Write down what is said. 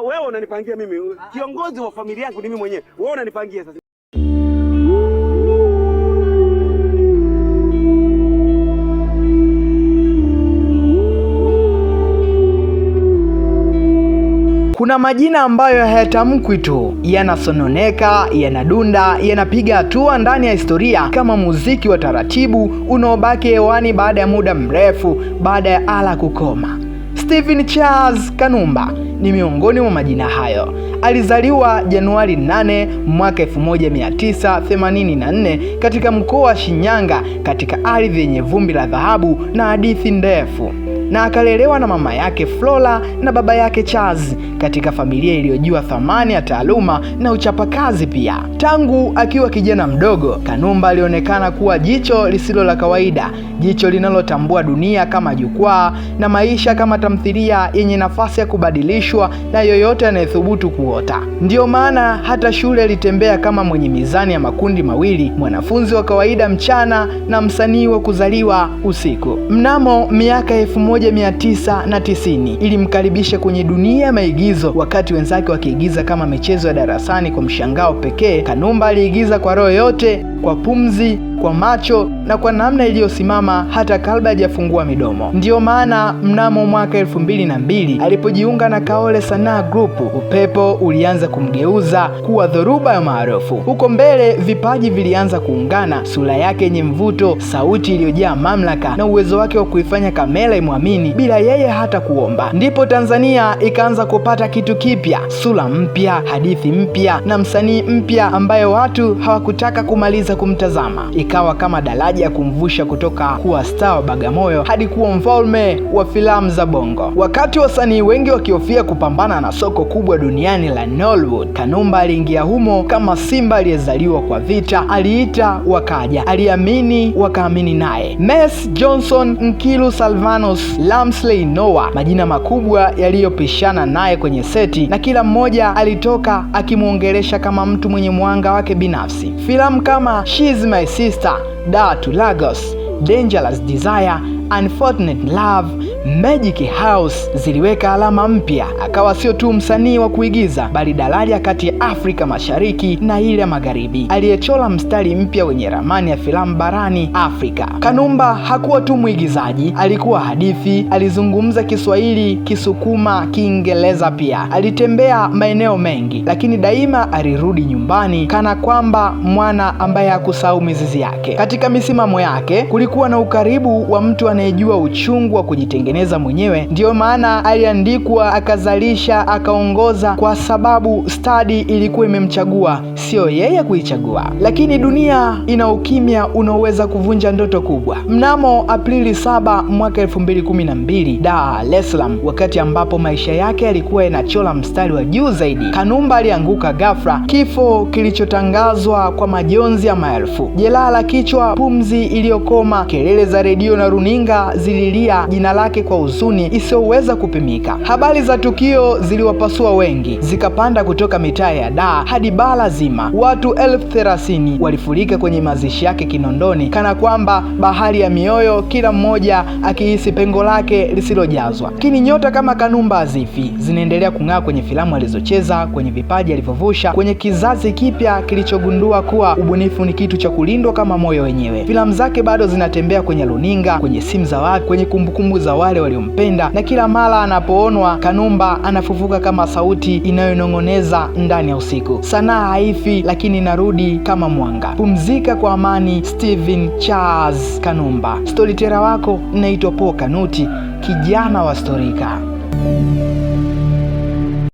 wewe unanipangia mimi, kiongozi wa familia yangu ni mimi mwenyewe, wewe unanipangia sasa. Kuna majina ambayo hayatamkwi tu, yanasononeka, yanadunda, yanapiga hatua ndani ya historia kama muziki wa taratibu unaobaki hewani baada ya muda mrefu, baada ya ala kukoma. Stephen Charles Kanumba ni miongoni mwa majina hayo. Alizaliwa Januari 8 mwaka 1984 katika mkoa wa Shinyanga katika ardhi yenye vumbi la dhahabu na hadithi ndefu na akalelewa na mama yake Flora na baba yake Charles katika familia iliyojua thamani ya taaluma na uchapakazi pia. Tangu akiwa kijana mdogo, Kanumba alionekana kuwa jicho lisilo la kawaida, jicho linalotambua dunia kama jukwaa na maisha kama tamthilia yenye nafasi ya kubadilishwa na yoyote anayethubutu kuota. Ndiyo maana hata shule alitembea kama mwenye mizani ya makundi mawili, mwanafunzi wa kawaida mchana na msanii wa kuzaliwa usiku. Mnamo miaka elfu moja 1990 ili kwenye dunia ya maigizo. Wakati wenzake wakiigiza kama michezo ya darasani kwa mshangao pekee, Kanumba aliigiza kwa roho yote, kwa pumzi kwa macho na kwa namna iliyosimama hata kabla hajafungua midomo. Ndiyo maana mnamo mwaka elfu mbili na mbili alipojiunga na Kaole Sanaa Group, upepo ulianza kumgeuza kuwa dhoruba ya maarufu. Huko mbele vipaji vilianza kuungana, sura yake yenye mvuto, sauti iliyojaa mamlaka na uwezo wake wa kuifanya kamera imwamini bila yeye hata kuomba. Ndipo Tanzania ikaanza kupata kitu kipya, sura mpya, hadithi mpya na msanii mpya ambaye watu hawakutaka kumaliza kumtazama ikawa kama daraja ya kumvusha kutoka kuwa star wa Bagamoyo hadi kuwa mfalme wa filamu za Bongo. Wakati wasanii wengi wakihofia kupambana na soko kubwa duniani la Nollywood, Kanumba aliingia humo kama simba aliyezaliwa kwa vita. Aliita wakaja, aliamini wakaamini naye. mess Johnson, nkilu Salvanus, Lamsley Noah, majina makubwa yaliyopishana naye kwenye seti, na kila mmoja alitoka akimwongelesha kama mtu mwenye mwanga wake binafsi. Filamu kama She's My Sister Star, Dar to Lagos, Dangerous Desire, Unfortunate Love, Magic House ziliweka alama mpya, akawa sio tu msanii wa kuigiza bali daraja kati ya Afrika Mashariki na ile ya Magharibi, aliyechora mstari mpya wenye ramani ya filamu barani Afrika. Kanumba hakuwa tu mwigizaji, alikuwa hadithi. Alizungumza Kiswahili, Kisukuma, Kiingereza pia. Alitembea maeneo mengi, lakini daima alirudi nyumbani kana kwamba mwana ambaye hakusahau mizizi yake. Katika misimamo yake kulikuwa na ukaribu wa mtu anayejua uchungu wa kujitenga kujitengeneza mwenyewe. Ndiyo maana aliandikwa, akazalisha, akaongoza, kwa sababu stadi ilikuwa imemchagua siyo yeye kuichagua. Lakini dunia ina ukimya unaoweza kuvunja ndoto kubwa. Mnamo Aprili 7 mwaka 2012, Dar es Salaam, wakati ambapo maisha yake yalikuwa yanachola mstari wa juu zaidi, Kanumba alianguka ghafla, kifo kilichotangazwa kwa majonzi ya maelfu, jeraha la kichwa, pumzi iliyokoma, kelele za redio na runinga zililia jina lake kwa huzuni isiyoweza kupimika. Habari za tukio ziliwapasua wengi, zikapanda kutoka mitaa ya Dar hadi bara zima nzima. Watu elfu thelathini walifurika kwenye mazishi yake Kinondoni, kana kwamba bahari ya mioyo, kila mmoja akihisi pengo lake lisilojazwa. Lakini nyota kama Kanumba hazifi, zinaendelea kung'aa kwenye filamu alizocheza, kwenye vipaji alivyovusha, kwenye kizazi kipya kilichogundua kuwa ubunifu ni kitu cha kulindwa kama moyo wenyewe. Filamu zake bado zinatembea kwenye runinga, kwenye simu za watu, kwenye kumbukumbu za wale waliompenda, na kila mara anapoonwa Kanumba anafufuka kama sauti inayonong'oneza ndani ya usiku. Sanaa haifi sifi, lakini narudi kama mwanga. Pumzika kwa amani. Stephen Charles Kanumba. Storitera wako naitwa Po Kanuti, kijana wa Storika.